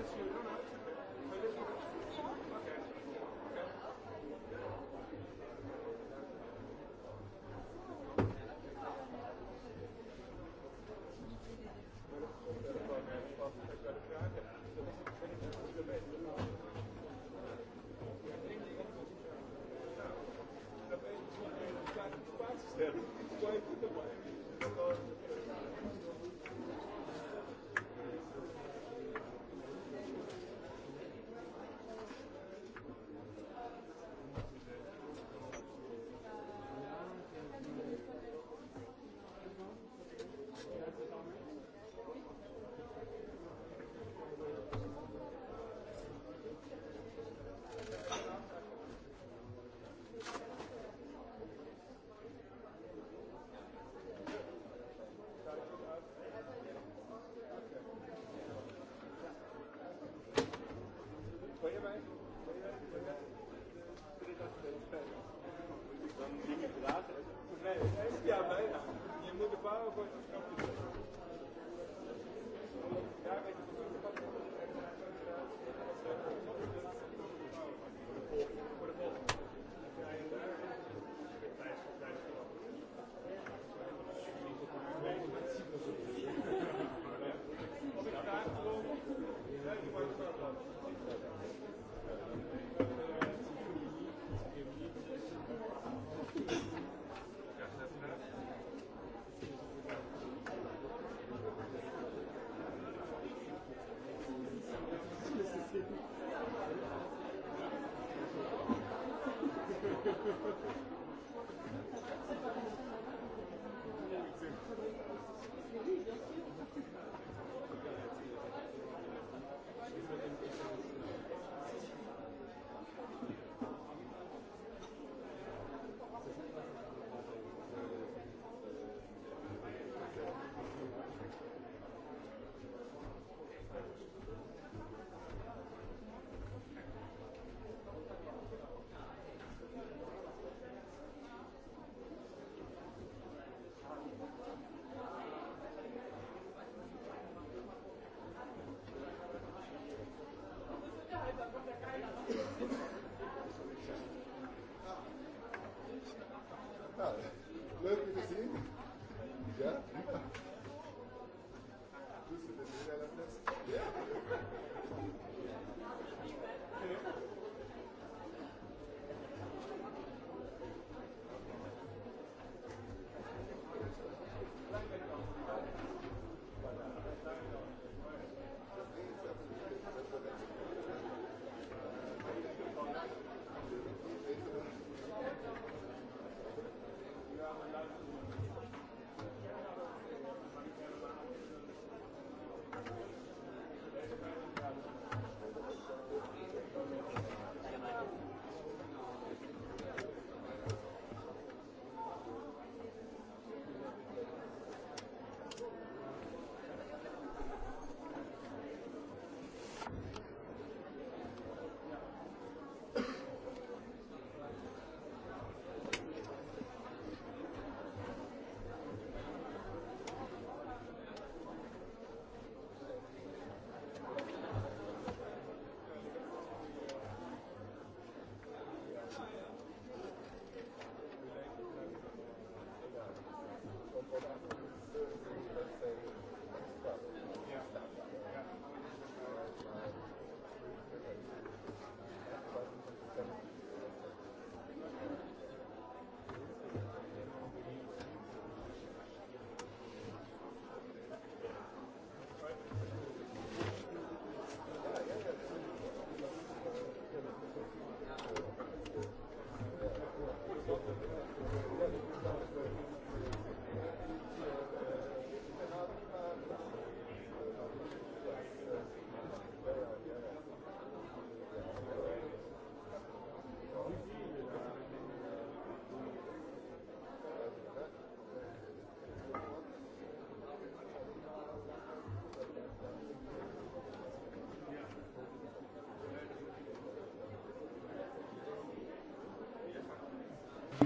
Sessione, non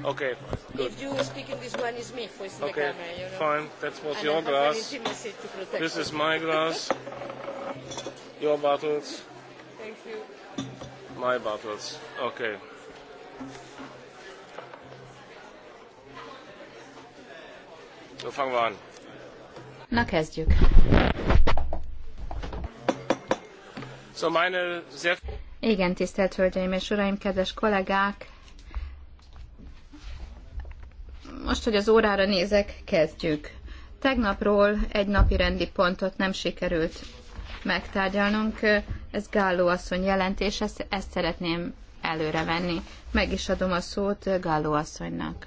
Okay, good. If you speak in this one, it's me who is in okay, the camera. You know? Fine, that was and your I glass. This is my glass. your bottles. Thank you. My bottles. Okay. So fangen wir an. Na kezdjük. So meine sehr... Igen, tisztelt Hölgyeim és Uraim, kedves kollégák! Most, hogy az órára nézek, kezdjük. Tegnapról egy napi rendi pontot nem sikerült megtárgyalnunk. Ez Gálló asszony jelentés, ezt, ezt szeretném előrevenni. Meg is adom a szót Gálló asszonynak.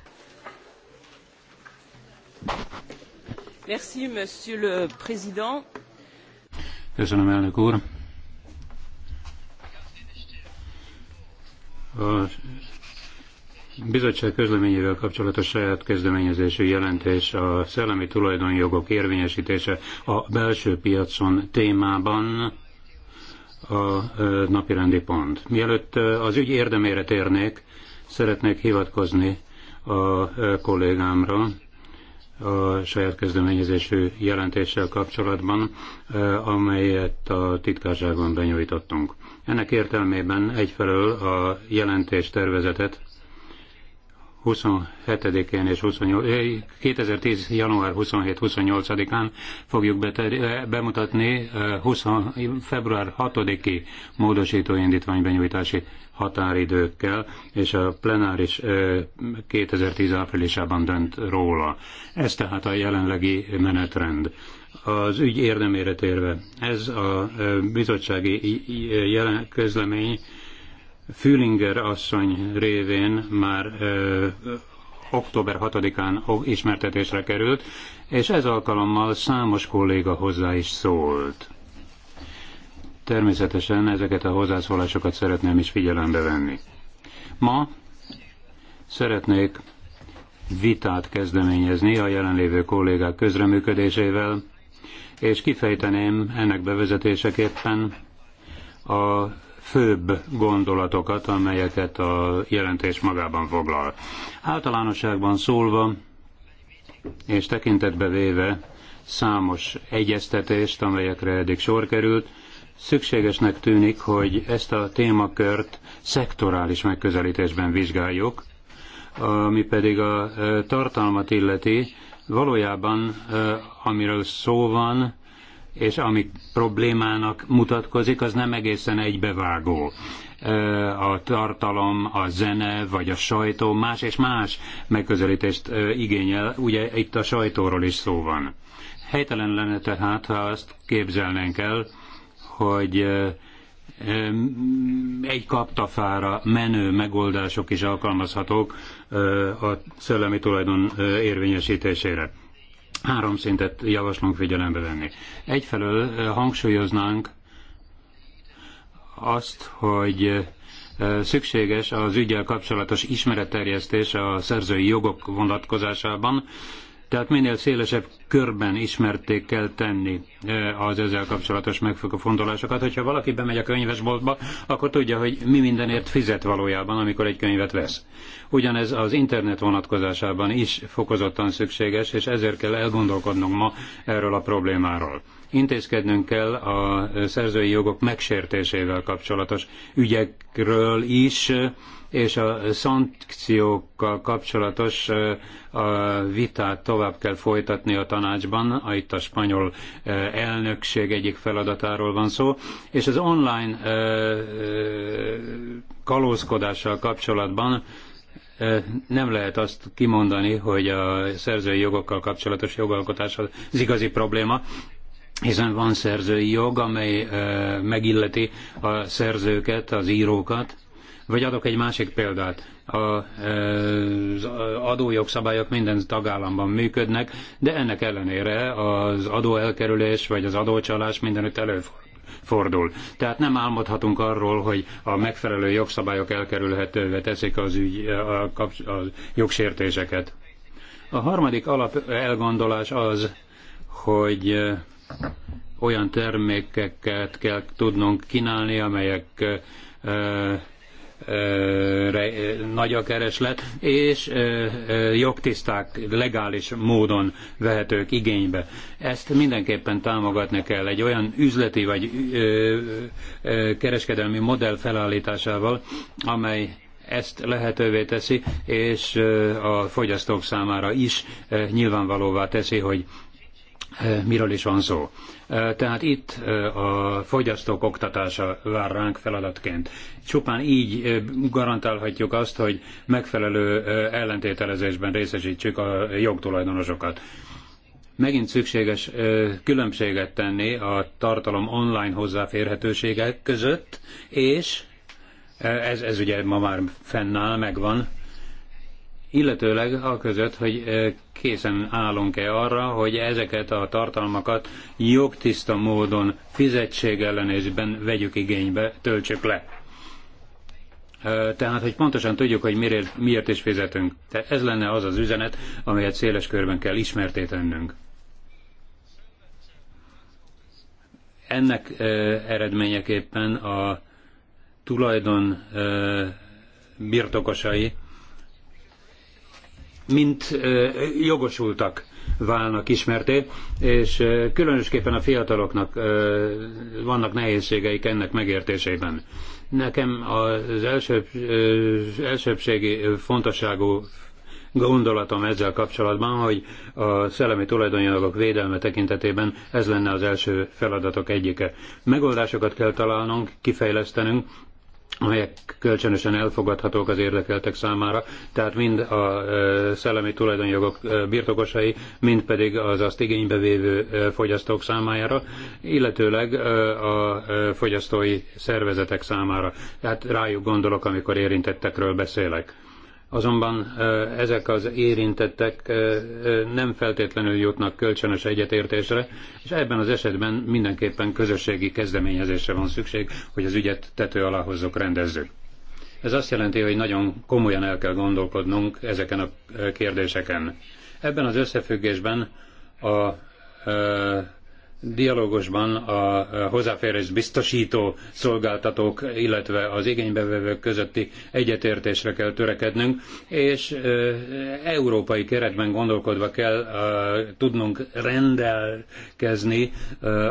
Merci, monsieur le président. Köszönöm, elnök úr. bizottság közleményével kapcsolatos saját kezdeményezésű jelentés a szellemi tulajdonjogok érvényesítése a belső piacon témában a napirendi pont. Mielőtt az ügy érdemére térnék, szeretnék hivatkozni a kollégámra a saját kezdeményezésű jelentéssel kapcsolatban, amelyet a titkárságon benyújtottunk. Ennek értelmében egyfelől a jelentés tervezetet 27-én és 28, 2010. Eh, január 27-28-án fogjuk beter, eh, bemutatni 20, eh, február 6-i módosító indítvány benyújtási határidőkkel, és a plenáris 2010 áprilisában dönt róla. Ez tehát a jelenlegi menetrend az ügy érdemére térve. Ez a bizottsági jelen közlemény Fülinger asszony révén már ö, október 6-án ismertetésre került, és ez alkalommal számos kolléga hozzá is szólt. Természetesen ezeket a hozzászólásokat szeretném is figyelembe venni. Ma szeretnék vitát kezdeményezni a jelenlévő kollégák közreműködésével, és kifejteném ennek bevezetéseképpen a főbb gondolatokat, amelyeket a jelentés magában foglal. Általánosságban szólva, és tekintetbe véve számos egyeztetést, amelyekre eddig sor került, szükségesnek tűnik, hogy ezt a témakört szektorális megközelítésben vizsgáljuk, ami pedig a tartalmat illeti, valójában amiről szó van, és ami problémának mutatkozik, az nem egészen egybevágó a tartalom, a zene vagy a sajtó más és más megközelítést igényel. Ugye itt a sajtóról is szó van. Helytelen lenne tehát, ha azt képzelnénk el, hogy egy kaptafára menő megoldások is alkalmazhatók a szellemi tulajdon érvényesítésére. Három szintet javaslunk figyelembe venni. Egyfelől eh, hangsúlyoznánk azt, hogy eh, szükséges az ügyel kapcsolatos ismeretterjesztés a szerzői jogok vonatkozásában, tehát minél szélesebb körben ismerték kell tenni az ezzel kapcsolatos megfontolásokat. Hogyha valaki bemegy a könyvesboltba, akkor tudja, hogy mi mindenért fizet valójában, amikor egy könyvet vesz. Ugyanez az internet vonatkozásában is fokozottan szükséges, és ezért kell elgondolkodnunk ma erről a problémáról intézkednünk kell a szerzői jogok megsértésével kapcsolatos ügyekről is, és a szankciókkal kapcsolatos a vitát tovább kell folytatni a tanácsban, itt a spanyol elnökség egyik feladatáról van szó, és az online kalózkodással kapcsolatban nem lehet azt kimondani, hogy a szerzői jogokkal kapcsolatos jogalkotás az igazi probléma, hiszen van szerzői jog, amely megilleti a szerzőket, az írókat, vagy adok egy másik példát. A, az adójogszabályok minden tagállamban működnek, de ennek ellenére az adóelkerülés vagy az adócsalás mindenütt előfordul fordul. Tehát nem álmodhatunk arról, hogy a megfelelő jogszabályok elkerülhetővé teszik az, ügy, a, a jogsértéseket. A harmadik alap elgondolás az, hogy olyan termékeket kell tudnunk kínálni, amelyek nagy a kereslet, és jogtiszták legális módon vehetők igénybe. Ezt mindenképpen támogatni kell egy olyan üzleti vagy kereskedelmi modell felállításával, amely ezt lehetővé teszi, és a fogyasztók számára is nyilvánvalóvá teszi, hogy miről is van szó. Tehát itt a fogyasztók oktatása vár ránk feladatként. Csupán így garantálhatjuk azt, hogy megfelelő ellentételezésben részesítsük a jogtulajdonosokat. Megint szükséges különbséget tenni a tartalom online hozzáférhetősége között, és ez, ez ugye ma már fennáll, megvan, illetőleg a között, hogy készen állunk-e arra, hogy ezeket a tartalmakat jogtiszta módon fizetségellenésben vegyük igénybe, töltsük le. Tehát, hogy pontosan tudjuk, hogy miért, miért is fizetünk. Tehát ez lenne az az üzenet, amelyet széles körben kell ismerté tennünk. Ennek eredményeképpen a tulajdon birtokosai mint jogosultak válnak ismerté, és különösképpen a fiataloknak vannak nehézségeik ennek megértésében. Nekem az elsőbb, elsőbbségi fontosságú gondolatom ezzel kapcsolatban, hogy a szellemi tulajdonjogok védelme tekintetében ez lenne az első feladatok egyike. Megoldásokat kell találnunk, kifejlesztenünk, amelyek kölcsönösen elfogadhatók az érdekeltek számára, tehát mind a szellemi tulajdonjogok birtokosai, mind pedig az azt igénybe vévő fogyasztók számára, illetőleg a fogyasztói szervezetek számára. Tehát rájuk gondolok, amikor érintettekről beszélek. Azonban ezek az érintettek nem feltétlenül jutnak kölcsönös egyetértésre, és ebben az esetben mindenképpen közösségi kezdeményezésre van szükség, hogy az ügyet tető alá hozzuk, rendezzük. Ez azt jelenti, hogy nagyon komolyan el kell gondolkodnunk ezeken a kérdéseken. Ebben az összefüggésben a dialógusban a hozzáférés biztosító szolgáltatók, illetve az igénybevevők közötti egyetértésre kell törekednünk, és európai keretben gondolkodva kell tudnunk rendelkezni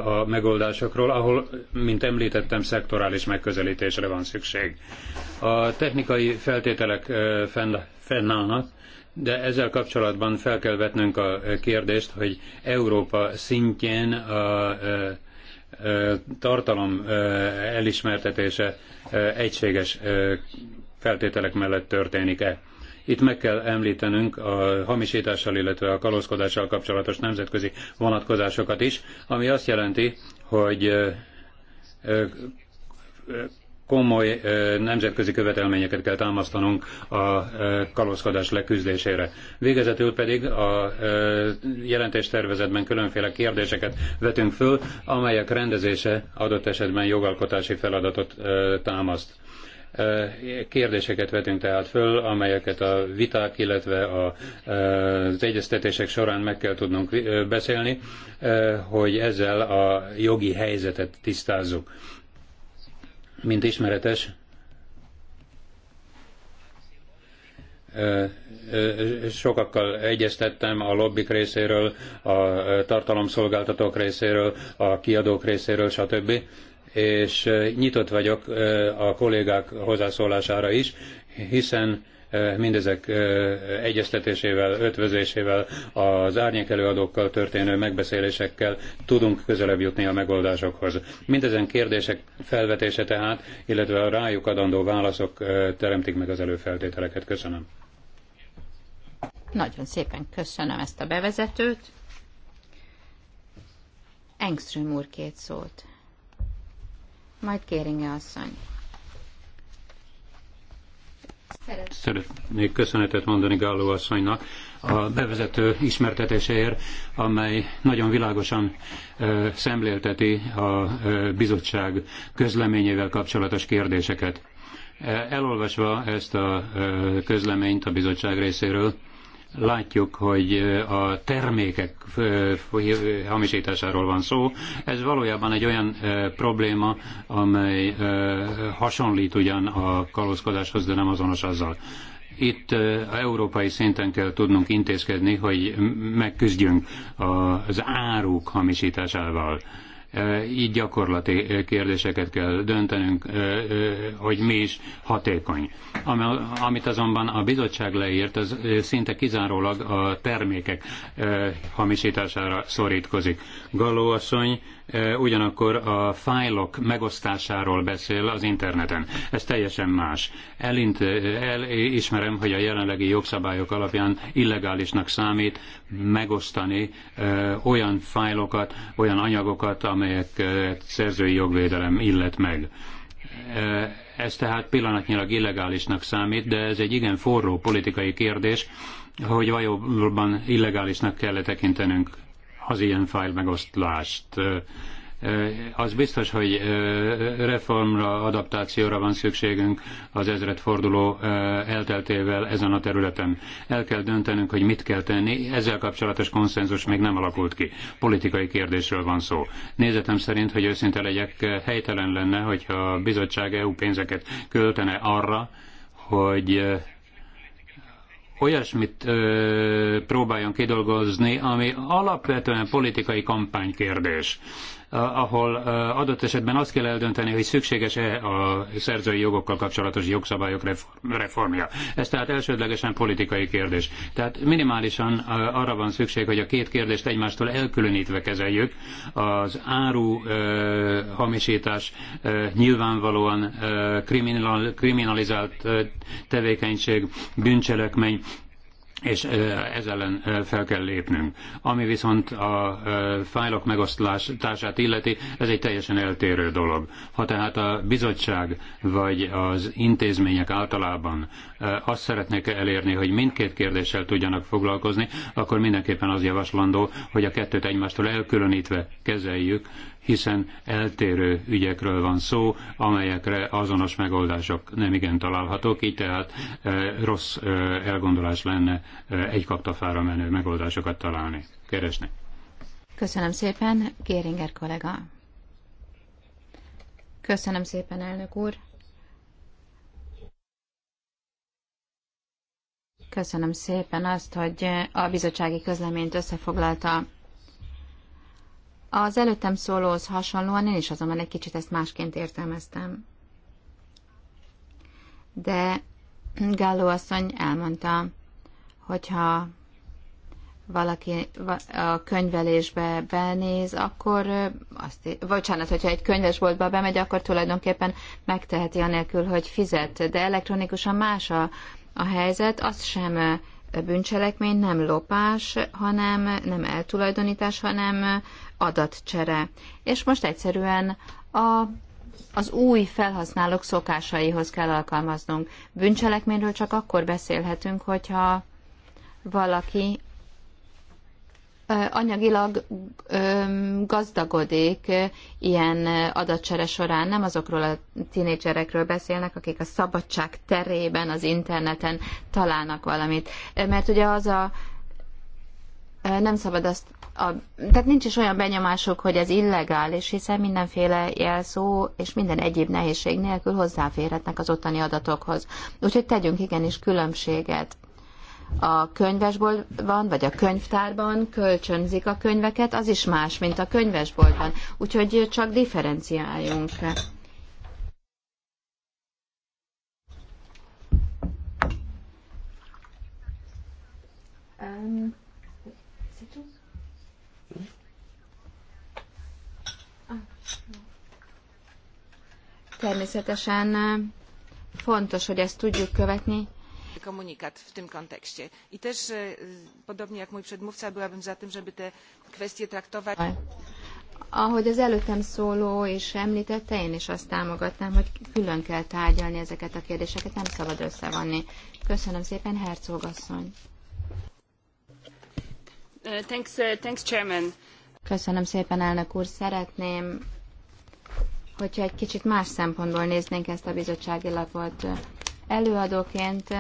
a megoldásokról, ahol, mint említettem, szektorális megközelítésre van szükség. A technikai feltételek fennállnak, de ezzel kapcsolatban fel kell vetnünk a kérdést, hogy Európa szintjén a, tartalom elismertetése egységes feltételek mellett történik-e. Itt meg kell említenünk a hamisítással, illetve a kalózkodással kapcsolatos nemzetközi vonatkozásokat is, ami azt jelenti, hogy komoly nemzetközi követelményeket kell támasztanunk a kalózkodás leküzdésére. Végezetül pedig a jelentéstervezetben különféle kérdéseket vetünk föl, amelyek rendezése adott esetben jogalkotási feladatot támaszt. Kérdéseket vetünk tehát föl, amelyeket a viták, illetve a, az egyeztetések során meg kell tudnunk beszélni, hogy ezzel a jogi helyzetet tisztázzuk mint ismeretes, sokakkal egyeztettem a lobbik részéről, a tartalomszolgáltatók részéről, a kiadók részéről, stb. És nyitott vagyok a kollégák hozzászólására is, hiszen mindezek egyeztetésével, ötvözésével, az árnyék előadókkal történő megbeszélésekkel tudunk közelebb jutni a megoldásokhoz. Mindezen kérdések felvetése tehát, illetve a rájuk adandó válaszok teremtik meg az előfeltételeket. Köszönöm. Nagyon szépen köszönöm ezt a bevezetőt. Engström úr két szót. Majd Kéringe asszony. Szeretnék köszönetet mondani Gálló asszonynak a bevezető ismertetéséért, amely nagyon világosan ö, szemlélteti a ö, bizottság közleményével kapcsolatos kérdéseket. E, elolvasva ezt a közleményt a bizottság részéről, látjuk, hogy a termékek hamisításáról van szó. Ez valójában egy olyan probléma, amely hasonlít ugyan a kalózkodáshoz, de nem azonos azzal. Itt európai szinten kell tudnunk intézkedni, hogy megküzdjünk az áruk hamisításával így gyakorlati kérdéseket kell döntenünk, hogy mi is hatékony. Amit azonban a bizottság leírt, az szinte kizárólag a termékek hamisítására szorítkozik. Galó asszony ugyanakkor a fájlok megosztásáról beszél az interneten. Ez teljesen más. Elint, elismerem, hogy a jelenlegi jogszabályok alapján illegálisnak számít megosztani olyan fájlokat, olyan anyagokat, amelyek szerzői jogvédelem illet meg ez tehát pillanatnyilag illegálisnak számít, de ez egy igen forró politikai kérdés, hogy valóban illegálisnak kell -e tekintenünk az ilyen fájl megosztlást. Az biztos, hogy reformra, adaptációra van szükségünk az forduló elteltével ezen a területen. El kell döntenünk, hogy mit kell tenni, ezzel kapcsolatos konszenzus még nem alakult ki. Politikai kérdésről van szó. Nézetem szerint, hogy őszinte legyek, helytelen lenne, hogyha a bizottság EU pénzeket költene arra, hogy olyasmit ö, próbáljon kidolgozni, ami alapvetően politikai kampánykérdés ahol adott esetben azt kell eldönteni, hogy szükséges-e a szerzői jogokkal kapcsolatos jogszabályok reformja. Ez tehát elsődlegesen politikai kérdés. Tehát minimálisan arra van szükség, hogy a két kérdést egymástól elkülönítve kezeljük. Az áru hamisítás nyilvánvalóan kriminalizált tevékenység, bűncselekmény, és ez ellen fel kell lépnünk. Ami viszont a fájlok megosztását illeti, ez egy teljesen eltérő dolog. Ha tehát a bizottság vagy az intézmények általában azt szeretnék elérni, hogy mindkét kérdéssel tudjanak foglalkozni, akkor mindenképpen az javaslandó, hogy a kettőt egymástól elkülönítve kezeljük, hiszen eltérő ügyekről van szó, amelyekre azonos megoldások nem igen találhatók, így tehát e, rossz e, elgondolás lenne e, egy kaptafára menő megoldásokat találni, keresni. Köszönöm szépen, Géringer kollega. Köszönöm szépen, elnök úr. Köszönöm szépen azt, hogy a bizottsági közleményt összefoglalta. Az előttem szólóhoz hasonlóan én is azonban egy kicsit ezt másként értelmeztem. De Gálló asszony elmondta, hogyha valaki a könyvelésbe benéz, akkor azt, bocsánat, hogyha egy könyvesboltba bemegy, akkor tulajdonképpen megteheti anélkül, hogy fizet, de elektronikusan más a, a helyzet, azt sem bűncselekmény nem lopás, hanem nem eltulajdonítás, hanem adatcsere. És most egyszerűen a, az új felhasználók szokásaihoz kell alkalmaznunk. Bűncselekményről csak akkor beszélhetünk, hogyha valaki anyagilag gazdagodik ilyen adatsere során. Nem azokról a tínédzserekről beszélnek, akik a szabadság terében, az interneten találnak valamit. Mert ugye az a nem szabad azt a, tehát nincs is olyan benyomásuk, hogy ez illegális, hiszen mindenféle jelszó és minden egyéb nehézség nélkül hozzáférhetnek az ottani adatokhoz. Úgyhogy tegyünk igenis különbséget a könyvesboltban, vagy a könyvtárban kölcsönzik a könyveket, az is más, mint a könyvesboltban. Úgyhogy csak differenciáljunk. Természetesen fontos, hogy ezt tudjuk követni komunikat w tym kontekście. i też e, podobnie jak mój przedmówca byłabym za tym żeby te kwestie traktować ahogy az előttem szóló is említette, én is azt támogatnám, hogy külön kell tárgyalni ezeket a kérdéseket, nem szabad összevonni. Köszönöm szépen, Herzog asszony. Uh, thanks, uh, thanks, Chairman. Köszönöm szépen, elnök úr. Szeretném, hogyha egy kicsit más szempontból néznénk ezt a bizottsági lapot. Előadóként,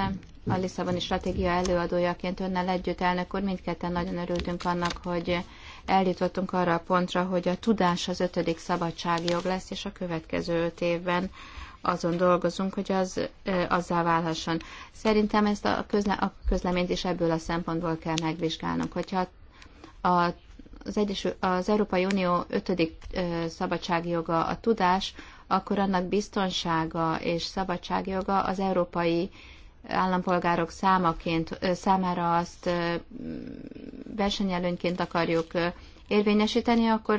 a Lisszaboni stratégia előadójaként önnel együtt, elnök úr, mindketten nagyon örültünk annak, hogy eljutottunk arra a pontra, hogy a tudás az ötödik szabadságjog lesz, és a következő öt évben azon dolgozunk, hogy az ö, azzá válhasson. Szerintem ezt a, közle, a közleményt is ebből a szempontból kell megvizsgálnunk. Hogyha a, az, Egyesül, az Európai Unió ötödik ö, szabadságjoga a tudás, akkor annak biztonsága és szabadságjoga az európai állampolgárok számaként, számára azt versenyelőnyként akarjuk érvényesíteni, akkor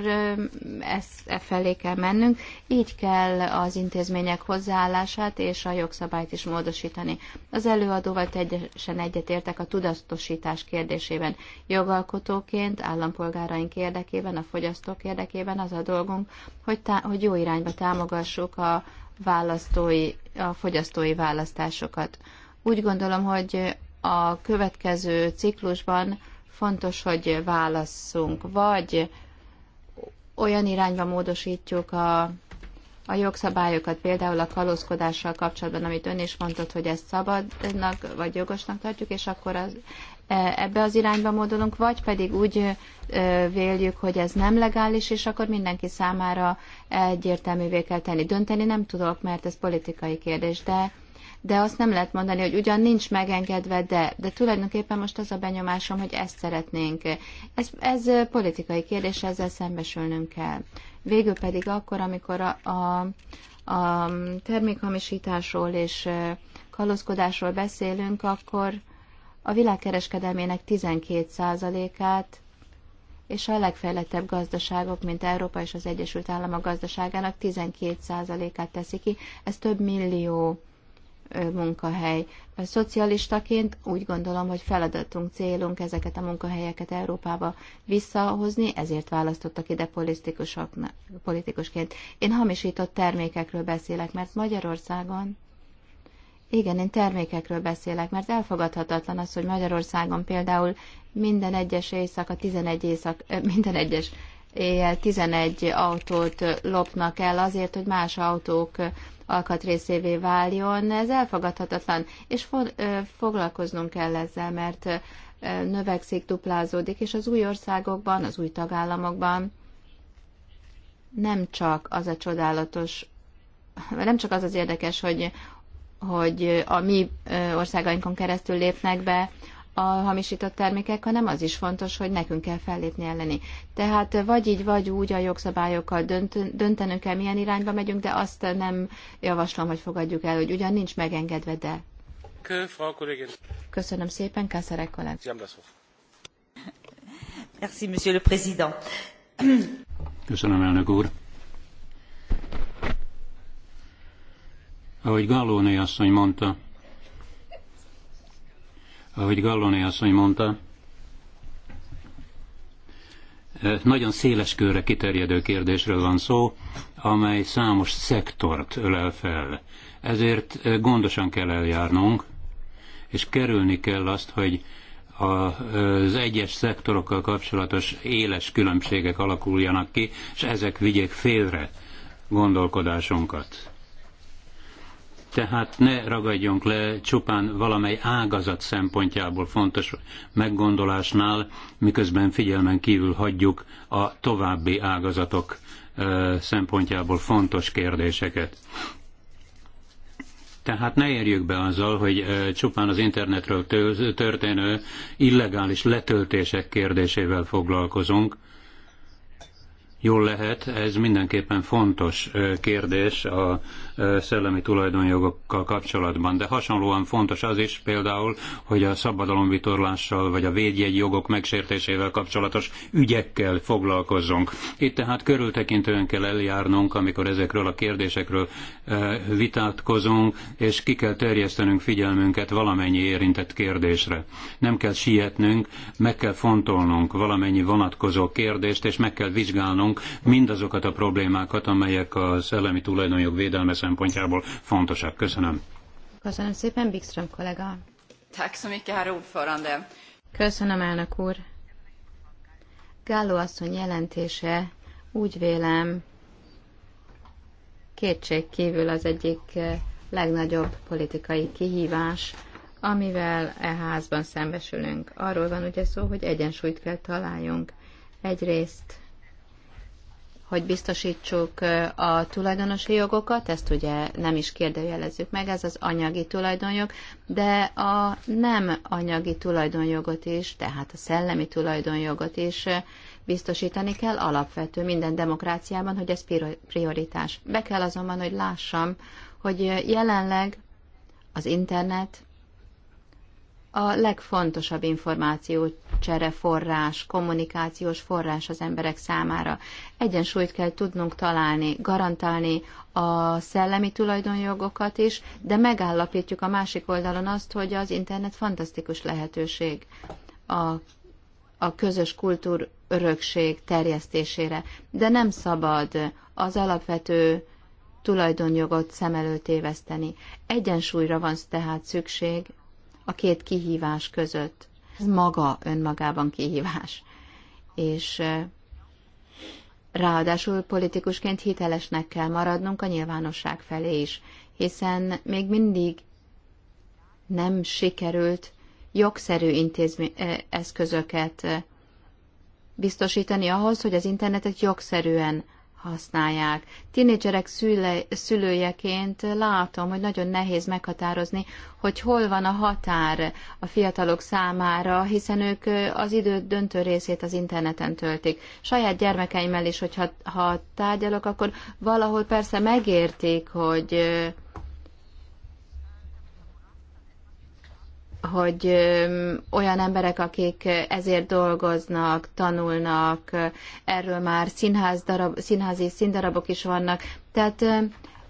ezt e felé kell mennünk. Így kell az intézmények hozzáállását és a jogszabályt is módosítani. Az előadóval teljesen egyetértek a tudatosítás kérdésében. Jogalkotóként, állampolgáraink érdekében, a fogyasztók érdekében az a dolgunk, hogy, tá- hogy jó irányba támogassuk a választói, a fogyasztói választásokat. Úgy gondolom, hogy a következő ciklusban fontos, hogy válasszunk. Vagy olyan irányba módosítjuk a, a jogszabályokat, például a kalózkodással kapcsolatban, amit ön is mondott, hogy ezt szabadnak vagy jogosnak tartjuk, és akkor az, e, ebbe az irányba módulunk, vagy pedig úgy e, véljük, hogy ez nem legális, és akkor mindenki számára egyértelművé kell tenni. Dönteni nem tudok, mert ez politikai kérdés, de de azt nem lehet mondani, hogy ugyan nincs megengedve, de, de tulajdonképpen most az a benyomásom, hogy ezt szeretnénk. Ez, ez politikai kérdés, ezzel szembesülnünk kell. Végül pedig akkor, amikor a, a, a termékhamisításról és kalózkodásról beszélünk, akkor a világkereskedelmének 12%-át és a legfejlettebb gazdaságok, mint Európa és az Egyesült Államok gazdaságának 12%-át teszi ki. Ez több millió munkahely. Szocialistaként úgy gondolom, hogy feladatunk, célunk ezeket a munkahelyeket Európába visszahozni, ezért választottak ide politikusként. Én hamisított termékekről beszélek, mert Magyarországon igen, én termékekről beszélek, mert elfogadhatatlan az, hogy Magyarországon például minden egyes éjszaka, 11 éjszak, minden egyes éjjel 11 autót lopnak el azért, hogy más autók alkatrészévé váljon, ez elfogadhatatlan, és fo- foglalkoznunk kell ezzel, mert növekszik, duplázódik, és az új országokban, az új tagállamokban nem csak az a csodálatos, nem csak az az érdekes, hogy, hogy a mi országainkon keresztül lépnek be, a hamisított termékek, hanem az is fontos, hogy nekünk kell fellépni elleni. Tehát vagy így, vagy úgy a jogszabályokkal dönt, döntenünk kell, milyen irányba megyünk, de azt nem javaslom, hogy fogadjuk el, hogy ugyan nincs megengedve, de. Köszönöm szépen, Kászerek kollég. Merci, monsieur le président. Köszönöm, elnök úr. Ahogy Gallóné asszony mondta, ahogy Galloni asszony mondta, eh, nagyon széles körre kiterjedő kérdésről van szó, amely számos szektort ölel fel. Ezért eh, gondosan kell eljárnunk, és kerülni kell azt, hogy az egyes szektorokkal kapcsolatos éles különbségek alakuljanak ki, és ezek vigyék félre gondolkodásunkat. Tehát ne ragadjunk le csupán valamely ágazat szempontjából fontos meggondolásnál, miközben figyelmen kívül hagyjuk a további ágazatok szempontjából fontos kérdéseket. Tehát ne érjük be azzal, hogy csupán az internetről történő illegális letöltések kérdésével foglalkozunk. Jól lehet, ez mindenképpen fontos kérdés a szellemi tulajdonjogokkal kapcsolatban. De hasonlóan fontos az is például, hogy a szabadalomvitorlással vagy a védjegy jogok megsértésével kapcsolatos ügyekkel foglalkozzunk. Itt tehát körültekintően kell eljárnunk, amikor ezekről a kérdésekről vitátkozunk, és ki kell terjesztenünk figyelmünket valamennyi érintett kérdésre. Nem kell sietnünk, meg kell fontolnunk valamennyi vonatkozó kérdést, és meg kell vizsgálnunk mindazokat a problémákat, amelyek az elemi tulajdonjog védelme szempontjából fontosak. Köszönöm. Köszönöm szépen, Bigström kollega. Tack Köszönöm, elnök úr. Gálló asszony jelentése úgy vélem kétség kívül az egyik eh, legnagyobb politikai kihívás, amivel e házban szembesülünk. Arról van ugye szó, hogy egyensúlyt kell találjunk. Egyrészt hogy biztosítsuk a tulajdonosi jogokat, ezt ugye nem is kérdőjelezzük meg, ez az anyagi tulajdonjog, de a nem anyagi tulajdonjogot is, tehát a szellemi tulajdonjogot is biztosítani kell alapvető minden demokráciában, hogy ez prioritás. Be kell azonban, hogy lássam, hogy jelenleg az internet a legfontosabb információ csere forrás, kommunikációs forrás az emberek számára. Egyensúlyt kell tudnunk találni, garantálni a szellemi tulajdonjogokat is, de megállapítjuk a másik oldalon azt, hogy az internet fantasztikus lehetőség a, a közös kultúr örökség terjesztésére, de nem szabad az alapvető tulajdonjogot szem előtt éveszteni. Egyensúlyra van tehát szükség a két kihívás között. Ez maga önmagában kihívás. És ráadásul politikusként hitelesnek kell maradnunk a nyilvánosság felé is, hiszen még mindig nem sikerült jogszerű intézmi- eszközöket biztosítani ahhoz, hogy az internetet jogszerűen használják. Tinédzserek szüle, szülőjeként látom, hogy nagyon nehéz meghatározni, hogy hol van a határ a fiatalok számára, hiszen ők az idő döntő részét az interneten töltik. Saját gyermekeimmel is, hogyha ha tárgyalok, akkor valahol persze megértik, hogy hogy olyan emberek, akik ezért dolgoznak, tanulnak, erről már színház darab, színházi színdarabok is vannak. Tehát,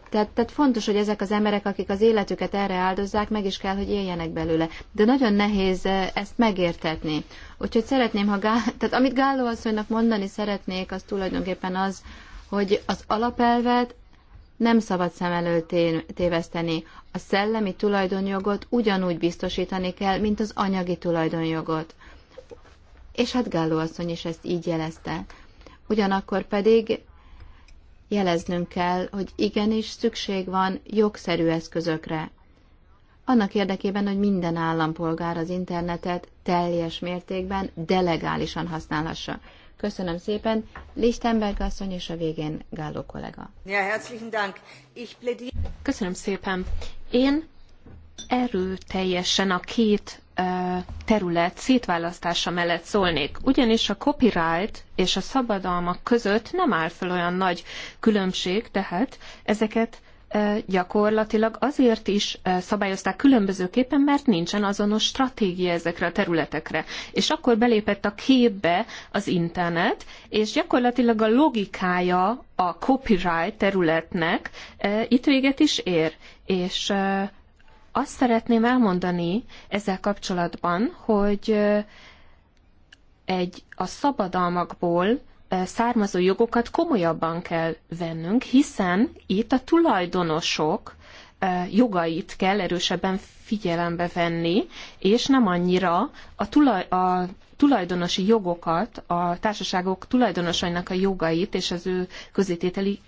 tehát, tehát fontos, hogy ezek az emberek, akik az életüket erre áldozzák, meg is kell, hogy éljenek belőle. De nagyon nehéz ezt megértetni. Úgyhogy szeretném, ha Gál, tehát amit Gálló asszonynak mondani szeretnék, az tulajdonképpen az, hogy az alapelvet nem szabad szem előtt téveszteni. A szellemi tulajdonjogot ugyanúgy biztosítani kell, mint az anyagi tulajdonjogot. És hát Gálló asszony is ezt így jelezte. Ugyanakkor pedig jeleznünk kell, hogy igenis szükség van jogszerű eszközökre. Annak érdekében, hogy minden állampolgár az internetet teljes mértékben delegálisan használhassa. Köszönöm szépen. Lichtenberg asszony és a végén Gáló kollega. Ja, herzlichen Dank. Ich plädier... Köszönöm szépen. Én erőteljesen a két terület szétválasztása mellett szólnék. Ugyanis a copyright és a szabadalmak között nem áll fel olyan nagy különbség, tehát ezeket gyakorlatilag azért is szabályozták különbözőképpen, mert nincsen azonos stratégia ezekre a területekre. És akkor belépett a képbe az internet, és gyakorlatilag a logikája a copyright területnek itt véget is ér. És azt szeretném elmondani ezzel kapcsolatban, hogy egy a szabadalmakból származó jogokat komolyabban kell vennünk, hiszen itt a tulajdonosok jogait kell erősebben figyelembe venni, és nem annyira a, tulaj, a tulajdonosi jogokat, a társaságok tulajdonosainak a jogait és az ő közétételi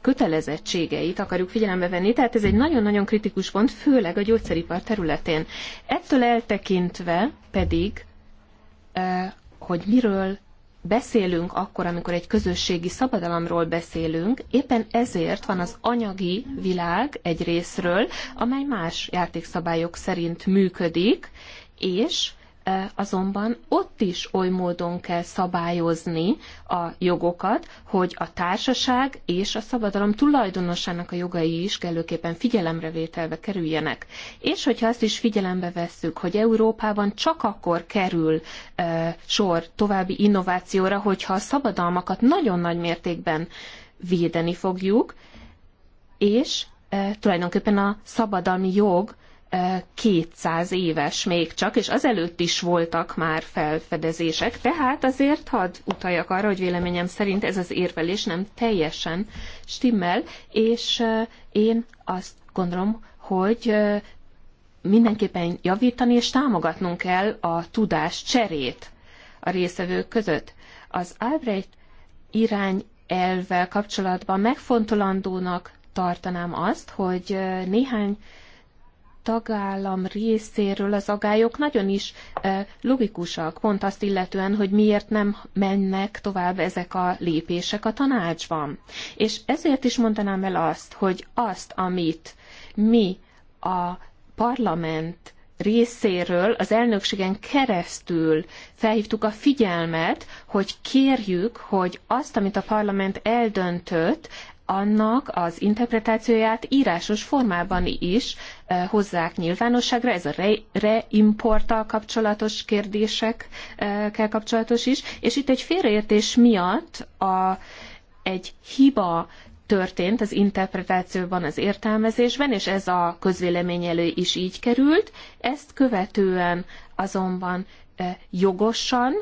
kötelezettségeit akarjuk figyelembe venni, tehát ez egy nagyon-nagyon kritikus pont, főleg a gyógyszeripar területén. Ettől eltekintve pedig hogy miről beszélünk akkor, amikor egy közösségi szabadalomról beszélünk, éppen ezért van az anyagi világ egy részről, amely más játékszabályok szerint működik, és E, azonban ott is oly módon kell szabályozni a jogokat, hogy a társaság és a szabadalom tulajdonosának a jogai is kellőképpen figyelemrevételbe kerüljenek. És hogyha azt is figyelembe vesszük, hogy Európában csak akkor kerül e, sor további innovációra, hogyha a szabadalmakat nagyon nagy mértékben védeni fogjuk, és e, tulajdonképpen a szabadalmi jog 200 éves még csak, és azelőtt is voltak már felfedezések, tehát azért hadd utaljak arra, hogy véleményem szerint ez az érvelés nem teljesen stimmel, és én azt gondolom, hogy mindenképpen javítani és támogatnunk kell a tudás cserét a részevők között. Az Albrecht irány elvvel kapcsolatban megfontolandónak tartanám azt, hogy néhány tagállam részéről az agályok nagyon is e, logikusak, pont azt illetően, hogy miért nem mennek tovább ezek a lépések a tanácsban. És ezért is mondanám el azt, hogy azt, amit mi a parlament részéről az elnökségen keresztül felhívtuk a figyelmet, hogy kérjük, hogy azt, amit a parlament eldöntött, annak az interpretációját írásos formában is hozzák nyilvánosságra, ez a reimporttal re kapcsolatos kérdésekkel kapcsolatos is, és itt egy félreértés miatt a, egy hiba történt az interpretációban, az értelmezésben, és ez a közvélemény elő is így került. Ezt követően azonban jogosan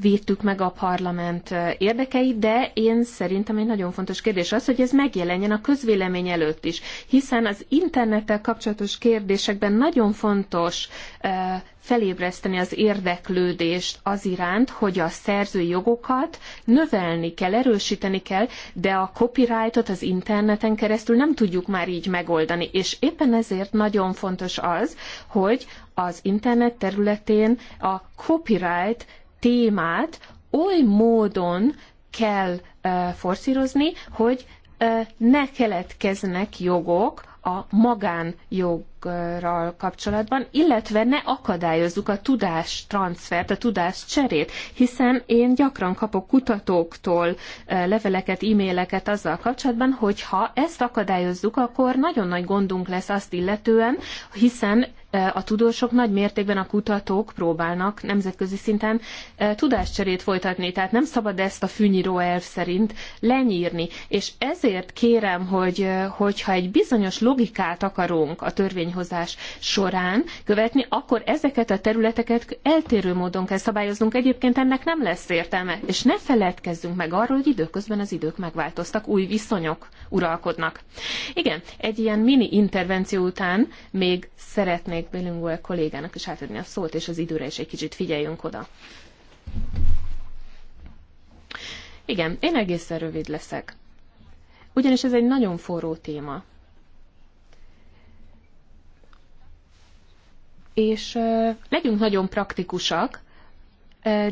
védtük meg a parlament érdekeit, de én szerintem egy nagyon fontos kérdés az, hogy ez megjelenjen a közvélemény előtt is, hiszen az internettel kapcsolatos kérdésekben nagyon fontos felébreszteni az érdeklődést az iránt, hogy a szerzői jogokat növelni kell, erősíteni kell, de a copyrightot az interneten keresztül nem tudjuk már így megoldani, és éppen ezért nagyon fontos az, hogy az internet területén a copyright témát oly módon kell forszírozni, hogy ne keletkeznek jogok a magánjogral kapcsolatban, illetve ne akadályozzuk a tudás transfert, a tudás cserét. hiszen én gyakran kapok kutatóktól leveleket, e-maileket azzal kapcsolatban, hogy ha ezt akadályozzuk, akkor nagyon nagy gondunk lesz azt illetően, hiszen E, a tudósok nagy mértékben a kutatók próbálnak nemzetközi szinten e, tudáscserét folytatni, tehát nem szabad ezt a fűnyíró elv szerint lenyírni. És ezért kérem, hogy e, hogyha egy bizonyos logikát akarunk a törvényhozás során követni, akkor ezeket a területeket eltérő módon kell szabályoznunk. Egyébként ennek nem lesz értelme. És ne feledkezzünk meg arról, hogy időközben az idők megváltoztak, új viszonyok uralkodnak. Igen, egy ilyen mini intervenció után még szeretnék valamelyik bilingual kollégának is átadni a szót, és az időre is egy kicsit figyeljünk oda. Igen, én egészen rövid leszek. Ugyanis ez egy nagyon forró téma. És uh, legyünk nagyon praktikusak,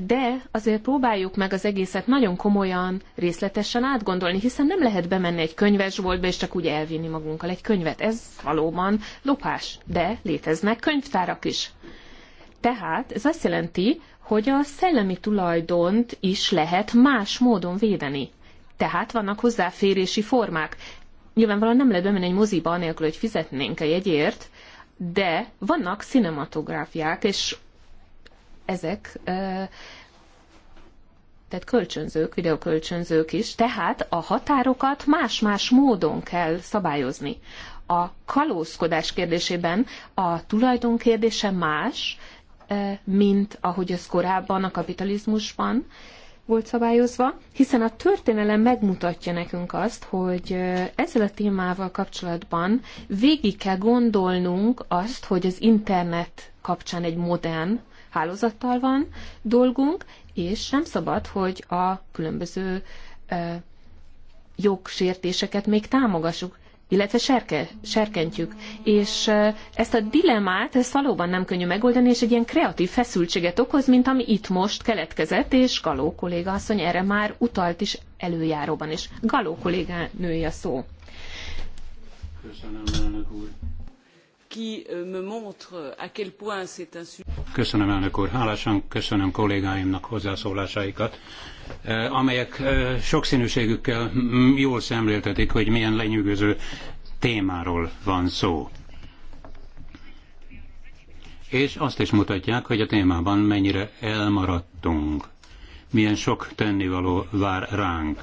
de azért próbáljuk meg az egészet nagyon komolyan, részletesen átgondolni, hiszen nem lehet bemenni egy könyvesboltba és csak úgy elvinni magunkkal egy könyvet. Ez valóban lopás, de léteznek könyvtárak is. Tehát ez azt jelenti, hogy a szellemi tulajdont is lehet más módon védeni. Tehát vannak hozzáférési formák. Nyilvánvalóan nem lehet bemenni egy moziba, anélkül, hogy fizetnénk a jegyért, de vannak cinematográfiák, és ezek tehát kölcsönzők, videokölcsönzők is, tehát a határokat más-más módon kell szabályozni. A kalózkodás kérdésében a tulajdon kérdése más, mint ahogy ez korábban a kapitalizmusban volt szabályozva, hiszen a történelem megmutatja nekünk azt, hogy ezzel a témával kapcsolatban végig kell gondolnunk azt, hogy az internet kapcsán egy modern hálózattal van dolgunk, és nem szabad, hogy a különböző jogsértéseket még támogassuk illetve serke, serkentjük. És ezt a dilemát ezt valóban nem könnyű megoldani, és egy ilyen kreatív feszültséget okoz, mint ami itt most keletkezett, és Galó kolléga asszony erre már utalt is előjáróban, és Galó kollégá női a szó. Köszönöm, elnök úr qui euh, me montre euh, à quel point c'est un sujet. Köszönöm elnök úr, hálásan köszönöm kollégáimnak hozzászólásaikat, eh, amelyek eh, sokszínűségükkel mm, jól szemléltetik, hogy milyen lenyűgöző témáról van szó. És azt is mutatják, hogy a témában mennyire elmaradtunk, milyen sok tennivaló vár ránk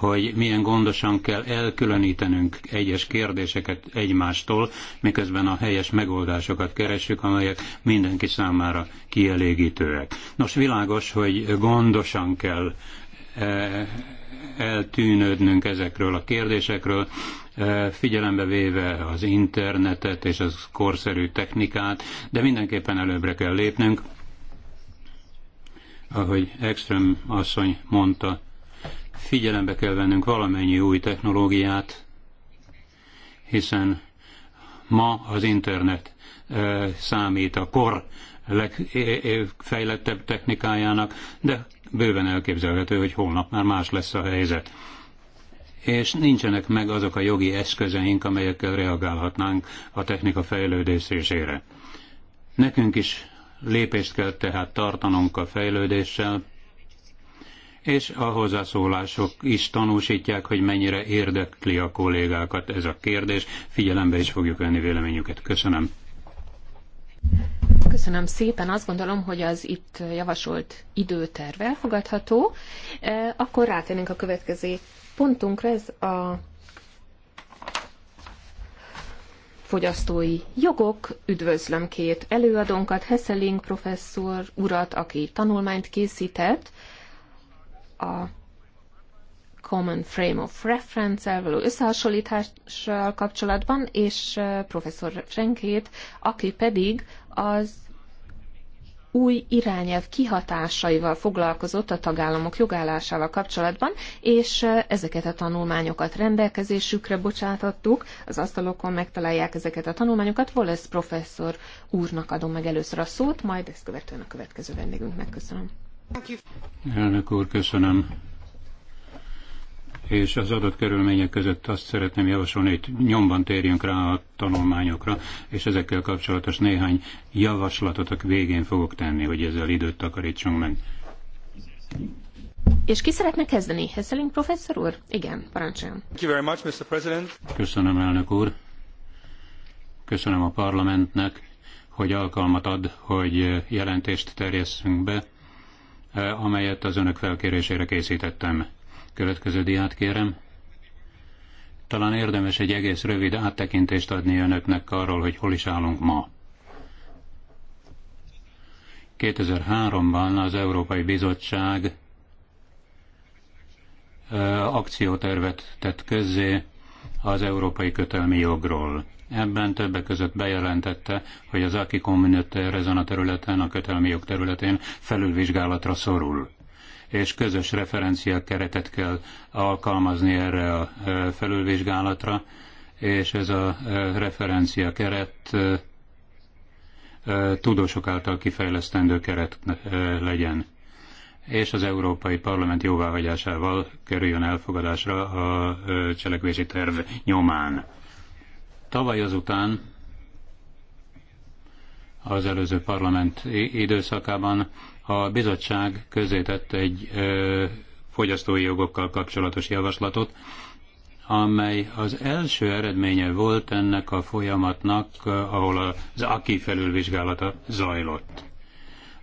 hogy milyen gondosan kell elkülönítenünk egyes kérdéseket egymástól, miközben a helyes megoldásokat keressük, amelyek mindenki számára kielégítőek. Nos, világos, hogy gondosan kell e, eltűnődnünk ezekről a kérdésekről, e, figyelembe véve az internetet és az korszerű technikát, de mindenképpen előbbre kell lépnünk, ahogy Ekström asszony mondta, Figyelembe kell vennünk valamennyi új technológiát, hiszen ma az internet számít a kor legfejlettebb technikájának, de bőven elképzelhető, hogy holnap már más lesz a helyzet. És nincsenek meg azok a jogi eszközeink, amelyekkel reagálhatnánk a technika fejlődésére. Nekünk is lépést kell tehát tartanunk a fejlődéssel, és a hozzászólások is tanúsítják, hogy mennyire érdekli a kollégákat ez a kérdés. Figyelembe is fogjuk venni véleményüket. Köszönöm. Köszönöm szépen. Azt gondolom, hogy az itt javasolt időterv elfogadható. E, akkor rátérnénk a következő pontunkra. Ez a fogyasztói jogok. Üdvözlöm két előadónkat, Hesseling professzor urat, aki tanulmányt készített a Common Frame of Reference-el való összehasonlítással kapcsolatban, és professzor Frenkét, aki pedig az új irányelv kihatásaival foglalkozott a tagállamok jogállásával kapcsolatban, és ezeket a tanulmányokat rendelkezésükre bocsátottuk. Az asztalokon megtalálják ezeket a tanulmányokat. Wallace professzor úrnak adom meg először a szót, majd ezt követően a következő vendégünknek köszönöm. Elnök úr, köszönöm. És az adott körülmények között azt szeretném javasolni, hogy nyomban térjünk rá a tanulmányokra, és ezekkel kapcsolatos néhány javaslatot a végén fogok tenni, hogy ezzel időt takarítsunk meg. És ki szeretne kezdeni? Hesseling professzor úr? Igen, parancsoljon. Köszönöm, elnök úr. Köszönöm a parlamentnek, hogy alkalmat ad, hogy jelentést terjesszünk be Eh, amelyet az önök felkérésére készítettem. Következő diát kérem. Talán érdemes egy egész rövid áttekintést adni önöknek arról, hogy hol is állunk ma. 2003-ban az Európai Bizottság eh, akciótervet tett közzé az európai kötelmi jogról. Ebben többek között bejelentette, hogy az Aki Communitaire ezen a területen, a kötelmi jog területén felülvizsgálatra szorul és közös referencia keretet kell alkalmazni erre a e, felülvizsgálatra, és ez a e, referencia keret e, tudósok által kifejlesztendő keret legyen és az Európai Parlament jóváhagyásával kerüljön elfogadásra a cselekvési terv nyomán. Tavaly azután az előző parlament időszakában a bizottság közzétett egy ö, fogyasztói jogokkal kapcsolatos javaslatot, amely az első eredménye volt ennek a folyamatnak, ahol az AKI felülvizsgálata zajlott.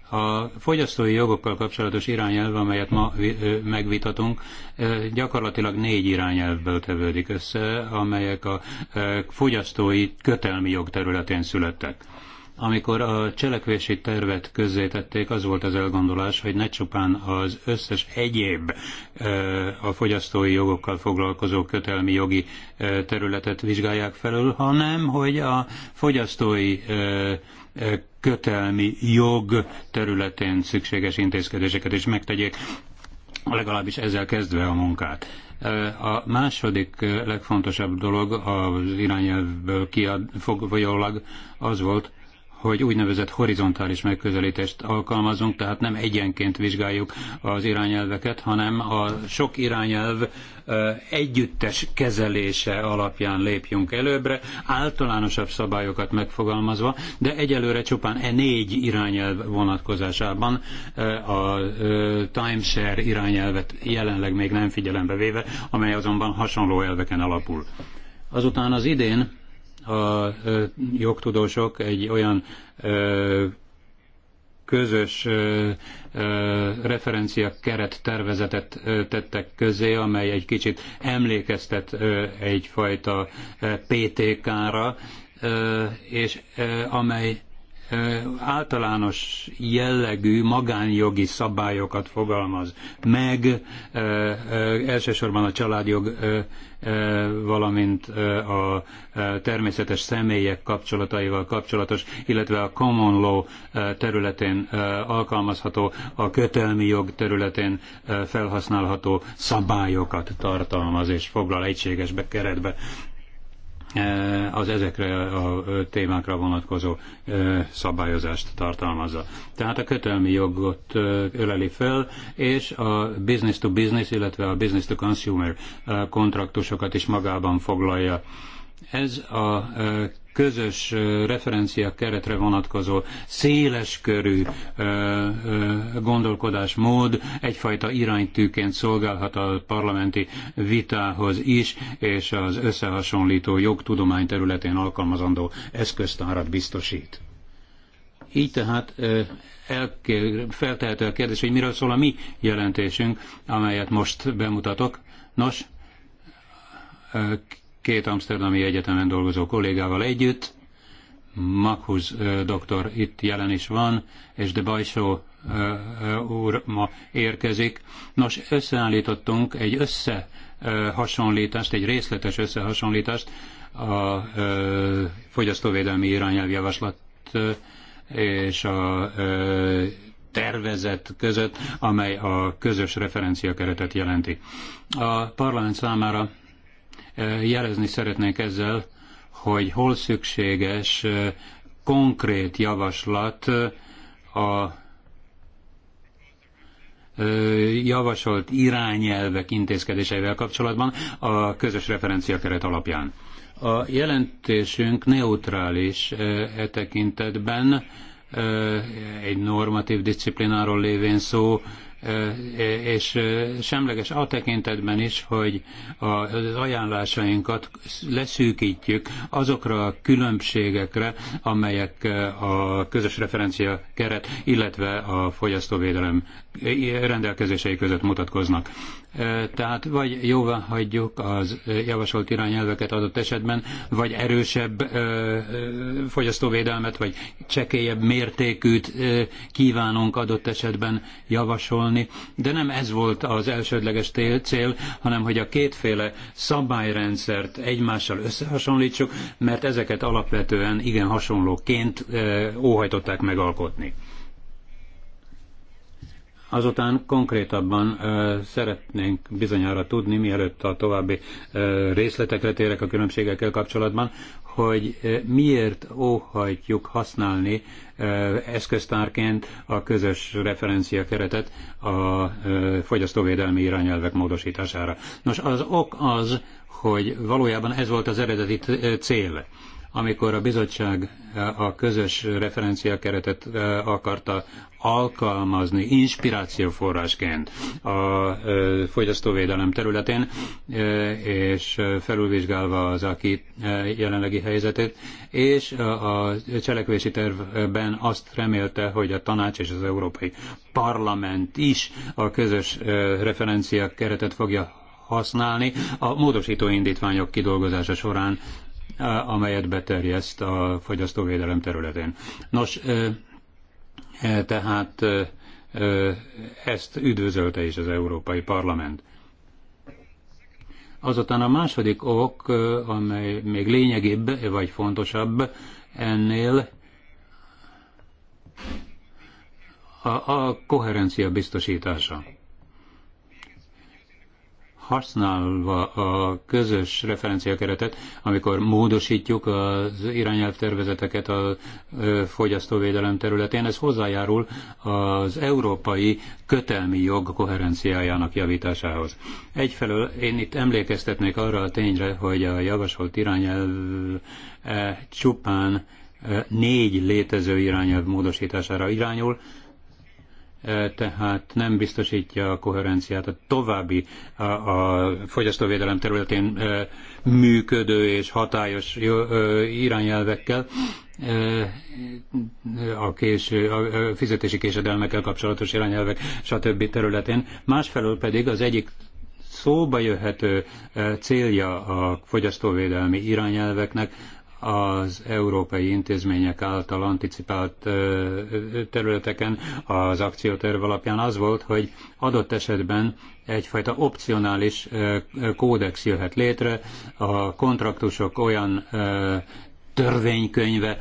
A fogyasztói jogokkal kapcsolatos irányelv, amelyet ma megvitatunk, gyakorlatilag négy irányelvből tevődik össze, amelyek a fogyasztói kötelmi jog területén születtek. Amikor a cselekvési tervet közzétették, az volt az elgondolás, hogy ne csupán az összes egyéb a fogyasztói jogokkal foglalkozó kötelmi jogi területet vizsgálják felül, hanem hogy a fogyasztói kötelmi jog területén szükséges intézkedéseket is megtegyék, legalábbis ezzel kezdve a munkát. A második legfontosabb dolog az irányelvből kiad, fogvajólag az volt, hogy úgynevezett horizontális megközelítést alkalmazunk, tehát nem egyenként vizsgáljuk az irányelveket, hanem a sok irányelv együttes kezelése alapján lépjünk előbbre, általánosabb szabályokat megfogalmazva, de egyelőre csupán e négy irányelv vonatkozásában a timeshare irányelvet jelenleg még nem figyelembe véve, amely azonban hasonló elveken alapul. Azután az idén a jogtudósok egy olyan közös referencia keret tervezetet tettek közé, amely egy kicsit emlékeztet egyfajta PTK-ra, és amely általános jellegű magánjogi szabályokat fogalmaz meg, elsősorban a családjog, valamint a természetes személyek kapcsolataival kapcsolatos, illetve a common law területén alkalmazható, a kötelmi jog területén felhasználható szabályokat tartalmaz és foglal egységesbe, keretbe. E, az ezekre a témákra vonatkozó e, szabályozást tartalmazza. Tehát a kötelmi jogot öleli fel, és a business to business, illetve a business to consumer e, kontraktusokat is magában foglalja. Ez a közös referencia keretre vonatkozó széleskörű gondolkodásmód egyfajta iránytűként szolgálhat a parlamenti vitához is, és az összehasonlító jogtudomány területén alkalmazandó eszköztárat biztosít. Így tehát feltehető a kérdés, hogy miről szól a mi jelentésünk, amelyet most bemutatok. Nos, két amsterdami egyetemen dolgozó kollégával együtt, Makhuz doktor itt jelen is van, és de Bajsó úr ma érkezik. Nos, összeállítottunk egy összehasonlítást, egy részletes összehasonlítást a fogyasztóvédelmi irányelvjavaslat és a tervezet között, amely a közös referenciakeretet jelenti. A parlament számára Jelezni szeretnék ezzel, hogy hol szükséges konkrét javaslat a javasolt irányelvek intézkedéseivel kapcsolatban a közös referenciakeret alapján. A jelentésünk neutrális e tekintetben, egy normatív disciplináról lévén szó, és semleges a tekintetben is, hogy az ajánlásainkat leszűkítjük azokra a különbségekre, amelyek a közös referencia keret, illetve a fogyasztóvédelem rendelkezései között mutatkoznak tehát vagy jóvá hagyjuk az javasolt irányelveket adott esetben, vagy erősebb fogyasztóvédelmet, vagy csekélyebb mértékűt kívánunk adott esetben javasolni. De nem ez volt az elsődleges cél, hanem hogy a kétféle szabályrendszert egymással összehasonlítsuk, mert ezeket alapvetően igen hasonlóként óhajtották megalkotni. Azután konkrétabban szeretnénk bizonyára tudni, mielőtt a további részletekre térek a különbségekkel kapcsolatban, hogy miért óhajtjuk használni eszköztárként a közös referencia keretet a fogyasztóvédelmi irányelvek módosítására. Nos, az ok az, hogy valójában ez volt az eredeti cél amikor a bizottság eh, a közös referenciakeretet eh, akarta alkalmazni inspirációforrásként a eh, fogyasztóvédelem területén, és felülvizsgálva az aki jelenlegi helyzetét, és a cselekvési tervben azt remélte, hogy a tanács és az Európai Parlament is a közös referencia keretet fogja használni a módosító indítványok kidolgozása során amelyet beterjeszt a fogyasztóvédelem területén. Nos, tehát ezt üdvözölte is az Európai Parlament. Azután a második ok, amely még lényegébb vagy fontosabb ennél, a, a koherencia biztosítása használva a közös referenciakeretet, amikor módosítjuk az irányelvtervezeteket a fogyasztóvédelem területén, ez hozzájárul az európai kötelmi jog koherenciájának javításához. Egyfelől én itt emlékeztetnék arra a tényre, hogy a javasolt irányelv e, csupán e, négy létező irányelv módosítására irányul, tehát nem biztosítja a koherenciát a további a, a fogyasztóvédelem területén működő és hatályos irányelvekkel, a, késő, a fizetési késedelmekkel kapcsolatos irányelvek, stb. területén. Másfelől pedig az egyik szóba jöhető célja a fogyasztóvédelmi irányelveknek az európai intézmények által anticipált területeken az akcióterv alapján az volt, hogy adott esetben egyfajta opcionális kódex jöhet létre, a kontraktusok olyan törvénykönyve,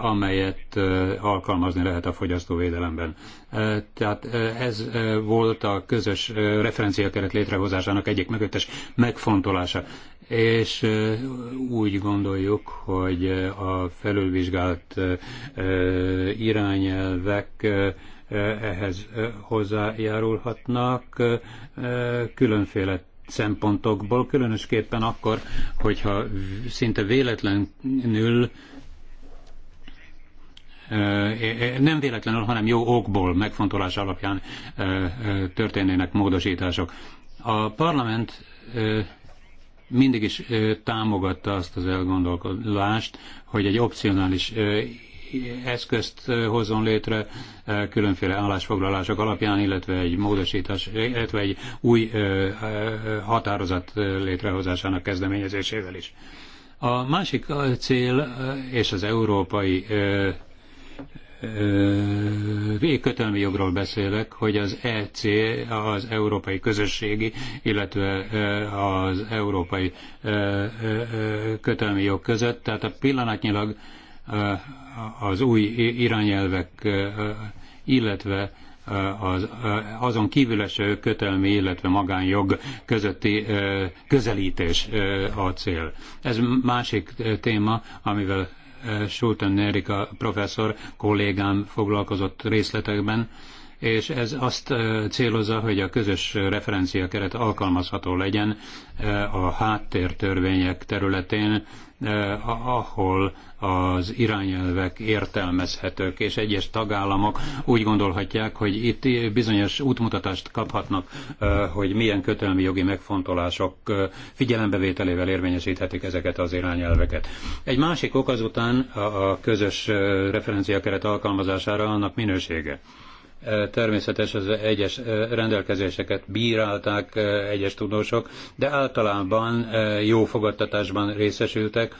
amelyet alkalmazni lehet a fogyasztóvédelemben. Tehát ez volt a közös referenciakeret létrehozásának egyik mögöttes megfontolása és úgy gondoljuk, hogy a felülvizsgált irányelvek ehhez hozzájárulhatnak különféle szempontokból, különösképpen akkor, hogyha szinte véletlenül nem véletlenül, hanem jó okból, megfontolás alapján történnének módosítások. A parlament mindig is támogatta azt az elgondolkodást, hogy egy opcionális eszközt hozzon létre különféle állásfoglalások alapján, illetve egy módosítás, illetve egy új határozat létrehozásának kezdeményezésével is. A másik cél és az európai végkötelmi jogról beszélek, hogy az EC, az Európai Közösségi, illetve az Európai Kötelmi Jog között, tehát a pillanatnyilag az új irányelvek, illetve az, azon eső kötelmi, illetve magánjog közötti közelítés a cél. Ez másik téma, amivel Sultan Erika professzor kollégám foglalkozott részletekben, és ez azt célozza, hogy a közös referenciakeret alkalmazható legyen a háttértörvények területén Eh, ahol az irányelvek értelmezhetők, és egyes tagállamok úgy gondolhatják, hogy itt bizonyos útmutatást kaphatnak, eh, hogy milyen kötelmi jogi megfontolások eh, figyelembevételével érvényesíthetik ezeket az irányelveket. Egy másik ok azután a közös referenciakeret alkalmazására annak minősége természetes az egyes rendelkezéseket bírálták egyes tudósok, de általában jó fogadtatásban részesültek.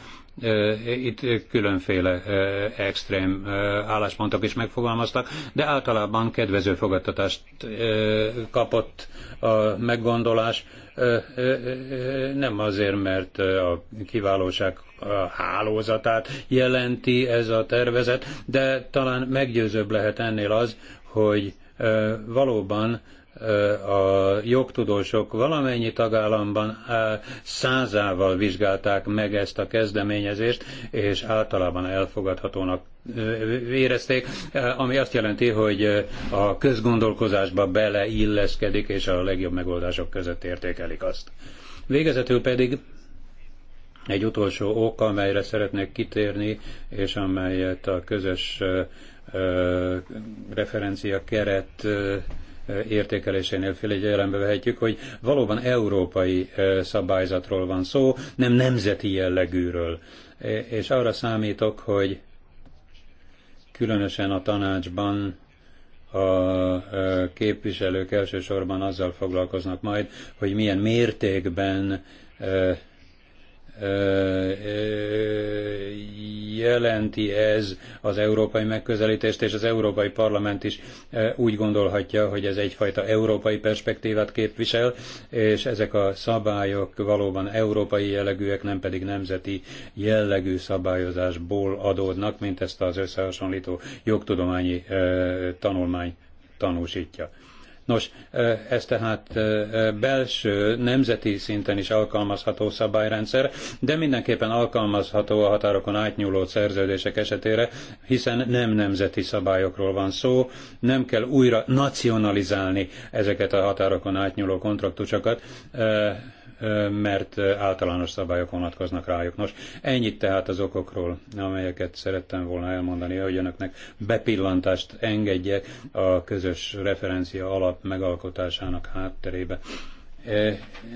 Itt különféle extrém álláspontok is megfogalmaztak, de általában kedvező fogadtatást kapott a meggondolás, nem azért, mert a kiválóság hálózatát jelenti ez a tervezet, de talán meggyőzőbb lehet ennél az, hogy valóban a jogtudósok valamennyi tagállamban százával vizsgálták meg ezt a kezdeményezést, és általában elfogadhatónak érezték, ami azt jelenti, hogy a közgondolkozásba beleilleszkedik, és a legjobb megoldások között értékelik azt. Végezetül pedig egy utolsó ok, amelyre szeretnék kitérni, és amelyet a közös referencia keret értékelésénél figyelembe vehetjük, hogy valóban európai szabályzatról van szó, nem nemzeti jellegűről. És arra számítok, hogy különösen a tanácsban a képviselők elsősorban azzal foglalkoznak majd, hogy milyen mértékben jelenti ez az európai megközelítést, és az Európai Parlament is úgy gondolhatja, hogy ez egyfajta európai perspektívát képvisel, és ezek a szabályok valóban európai jellegűek, nem pedig nemzeti jellegű szabályozásból adódnak, mint ezt az összehasonlító jogtudományi tanulmány tanúsítja. Nos, ez tehát belső, nemzeti szinten is alkalmazható szabályrendszer, de mindenképpen alkalmazható a határokon átnyúló szerződések esetére, hiszen nem nemzeti szabályokról van szó, nem kell újra nacionalizálni ezeket a határokon átnyúló kontraktusokat, mert általános szabályok vonatkoznak rájuk. Nos, ennyit tehát az okokról, amelyeket szerettem volna elmondani, hogy önöknek bepillantást engedjek a közös referencia alap megalkotásának hátterébe.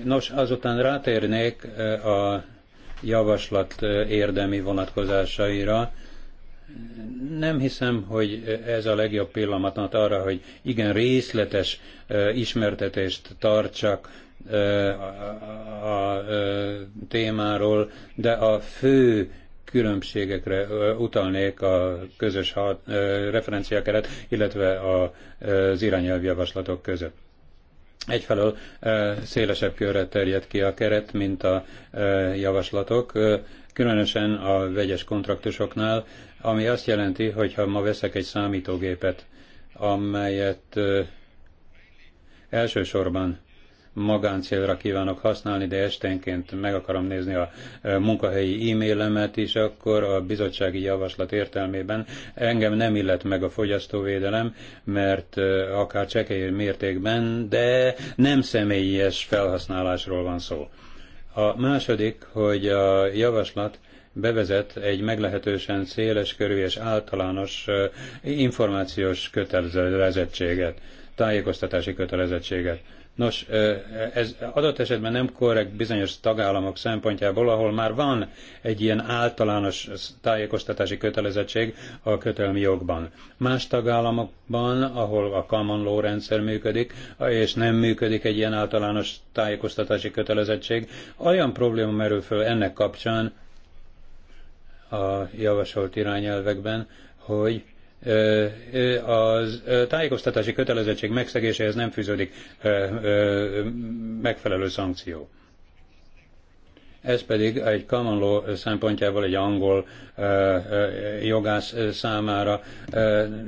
Nos, azután rátérnék a javaslat érdemi vonatkozásaira. Nem hiszem, hogy ez a legjobb pillanat arra, hogy igen részletes ismertetést tartsak a témáról, de a fő különbségekre utalnék a közös referenciakeret, illetve az irányelvjavaslatok között. Egyfelől szélesebb körre terjed ki a keret, mint a javaslatok, különösen a vegyes kontraktusoknál, ami azt jelenti, hogy ha ma veszek egy számítógépet, amelyet elsősorban magáncélra kívánok használni, de esténként meg akarom nézni a e, munkahelyi e-mailemet is, akkor a bizottsági javaslat értelmében engem nem illet meg a fogyasztóvédelem, mert e, akár csekély mértékben, de nem személyes felhasználásról van szó. A második, hogy a javaslat bevezet egy meglehetősen széles körű és általános e, információs kötelezettséget, tájékoztatási kötelezettséget Nos, ez adott esetben nem korrekt bizonyos tagállamok szempontjából, ahol már van egy ilyen általános tájékoztatási kötelezettség a kötelmi jogban. Más tagállamokban, ahol a common law rendszer működik, és nem működik egy ilyen általános tájékoztatási kötelezettség, olyan probléma merül föl ennek kapcsán a javasolt irányelvekben, hogy a tájékoztatási kötelezettség megszegéséhez nem fűződik megfelelő szankció. Ez pedig egy common law szempontjából egy angol jogász számára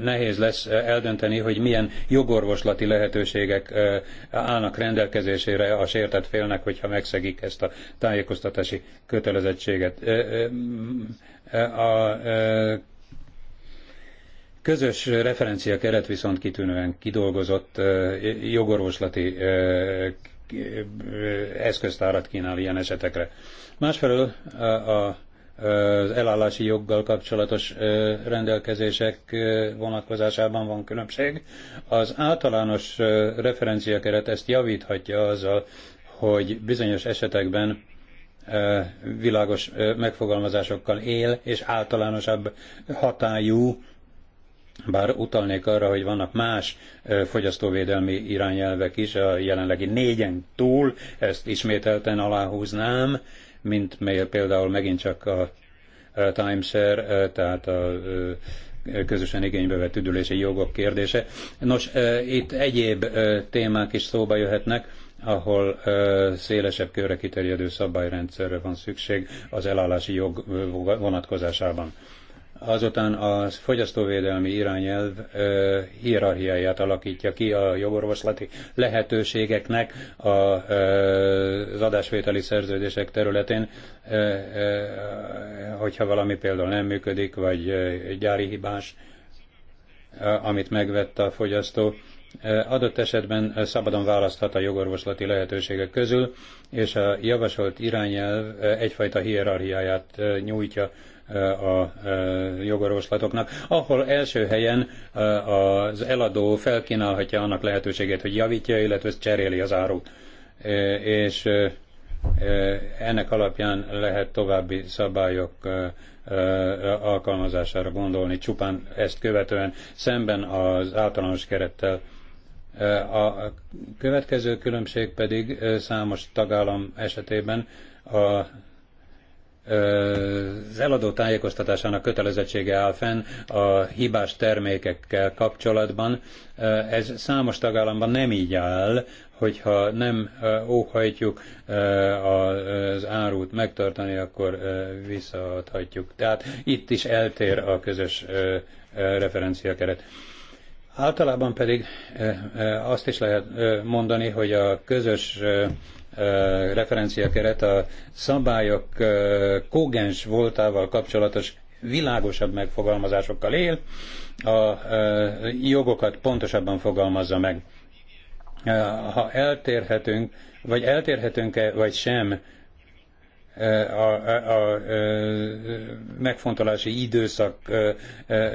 nehéz lesz eldönteni, hogy milyen jogorvoslati lehetőségek állnak rendelkezésére a sértett félnek, hogyha megszegik ezt a tájékoztatási kötelezettséget. A közös referencia keret viszont kitűnően kidolgozott jogorvoslati eszköztárat kínál ilyen esetekre. Másfelől a az elállási joggal kapcsolatos rendelkezések vonatkozásában van különbség. Az általános referenciakeret ezt javíthatja azzal, hogy bizonyos esetekben világos megfogalmazásokkal él, és általánosabb hatályú bár utalnék arra, hogy vannak más fogyasztóvédelmi irányelvek is, a jelenlegi négyen túl, ezt ismételten aláhúznám, mint mely például megint csak a timeshare, tehát a közösen igénybe vett üdülési jogok kérdése. Nos, itt egyéb témák is szóba jöhetnek, ahol szélesebb körre kiterjedő szabályrendszerre van szükség az elállási jog vonatkozásában. Azután a fogyasztóvédelmi irányelv ö, hierarchiáját alakítja ki a jogorvoslati lehetőségeknek a, ö, az adásvételi szerződések területén, ö, ö, hogyha valami például nem működik, vagy ö, gyári hibás, ö, amit megvett a fogyasztó, adott esetben szabadon választhat a jogorvoslati lehetőségek közül, és a javasolt irányelv egyfajta hierarchiáját nyújtja a jogorvoslatoknak, ahol első helyen az eladó felkínálhatja annak lehetőségét, hogy javítja, illetve cseréli az árut. És ennek alapján lehet további szabályok alkalmazására gondolni, csupán ezt követően szemben az általános kerettel. A következő különbség pedig számos tagállam esetében a az eladó tájékoztatásának kötelezettsége áll fenn a hibás termékekkel kapcsolatban. Ez számos tagállamban nem így áll, hogyha nem óhajtjuk az árut megtartani, akkor visszaadhatjuk. Tehát itt is eltér a közös referenciakeret. Általában pedig azt is lehet mondani, hogy a közös referenciakeret a szabályok kógens voltával kapcsolatos világosabb megfogalmazásokkal él, a jogokat pontosabban fogalmazza meg. Ha eltérhetünk, vagy eltérhetünk-e, vagy sem a, a, a megfontolási időszak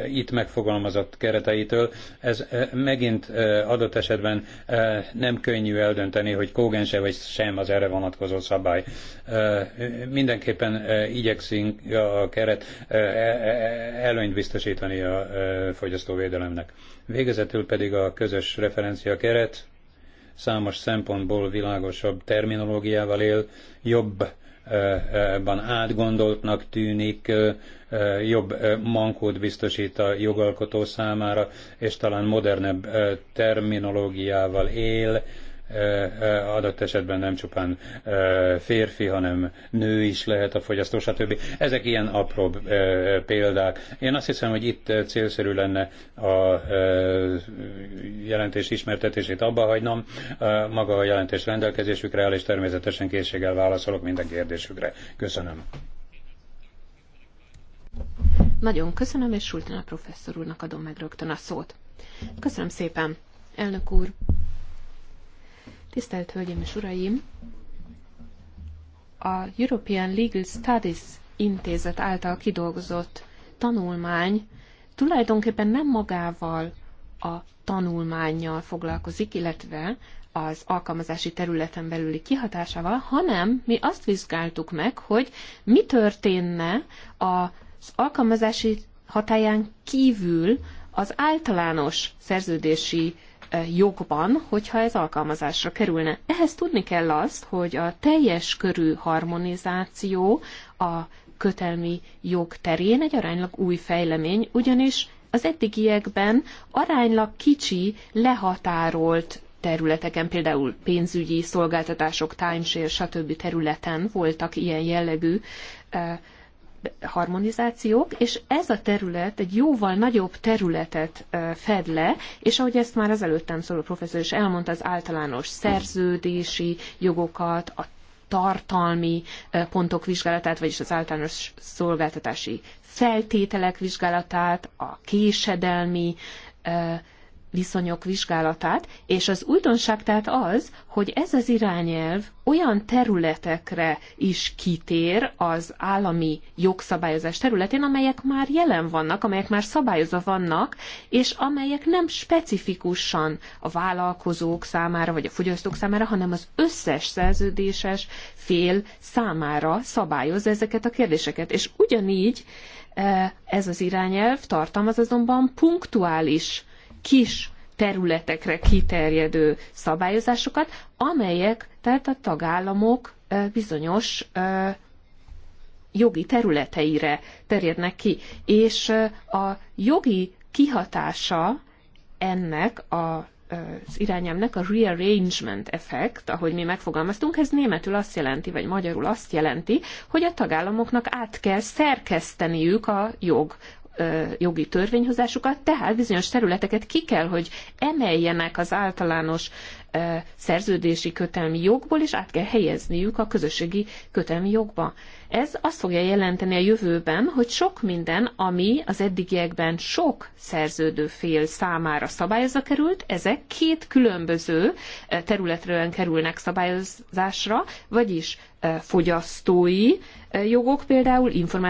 itt megfogalmazott kereteitől, ez megint adott esetben nem könnyű eldönteni, hogy kógense vagy sem az erre vonatkozó szabály. Mindenképpen igyekszünk a keret e, e, előnyt biztosítani a fogyasztóvédelemnek. Végezetül pedig a közös referencia keret számos szempontból világosabb terminológiával él, jobb ban átgondoltnak tűnik, jobb mankót biztosít a jogalkotó számára, és talán modernebb terminológiával él, adott esetben nem csupán férfi, hanem nő is lehet a fogyasztó, stb. Ezek ilyen apró példák. Én azt hiszem, hogy itt célszerű lenne a jelentés ismertetését abba hagynom. Maga a jelentés rendelkezésükre áll, és természetesen készséggel válaszolok minden kérdésükre. Köszönöm. Nagyon köszönöm, és Sultana professzor úrnak adom meg rögtön a szót. Köszönöm szépen, elnök úr, Tisztelt Hölgyeim és Uraim! A European Legal Studies intézet által kidolgozott tanulmány tulajdonképpen nem magával a tanulmányjal foglalkozik, illetve az alkalmazási területen belüli kihatásával, hanem mi azt vizsgáltuk meg, hogy mi történne az alkalmazási hatáján kívül az általános szerződési jogban, hogyha ez alkalmazásra kerülne. Ehhez tudni kell azt, hogy a teljes körű harmonizáció a kötelmi jog terén egy aránylag új fejlemény, ugyanis az eddigiekben aránylag kicsi, lehatárolt területeken, például pénzügyi szolgáltatások, timeshare, stb. területen voltak ilyen jellegű harmonizációk, és ez a terület egy jóval nagyobb területet fed le, és ahogy ezt már az előttem szóló professzor is elmondta, az általános szerződési jogokat, a tartalmi pontok vizsgálatát, vagyis az általános szolgáltatási feltételek vizsgálatát, a késedelmi viszonyok vizsgálatát, és az újdonság tehát az, hogy ez az irányelv olyan területekre is kitér az állami jogszabályozás területén, amelyek már jelen vannak, amelyek már szabályozva vannak, és amelyek nem specifikusan a vállalkozók számára, vagy a fogyasztók számára, hanem az összes szerződéses fél számára szabályozza ezeket a kérdéseket. És ugyanígy eh, ez az irányelv tartalmaz azonban punktuális kis területekre kiterjedő szabályozásokat, amelyek tehát a tagállamok bizonyos jogi területeire terjednek ki. És a jogi kihatása ennek a az irányámnak a rearrangement effekt, ahogy mi megfogalmaztunk, ez németül azt jelenti, vagy magyarul azt jelenti, hogy a tagállamoknak át kell szerkeszteniük a jog jogi törvényhozásukat, tehát bizonyos területeket ki kell, hogy emeljenek az általános szerződési kötelmi jogból, és át kell helyezniük a közösségi kötelmi jogba. Ez azt fogja jelenteni a jövőben, hogy sok minden, ami az eddigiekben sok szerződő fél számára szabályozza került, ezek két különböző területről kerülnek szabályozásra, vagyis fogyasztói jogok például, információ.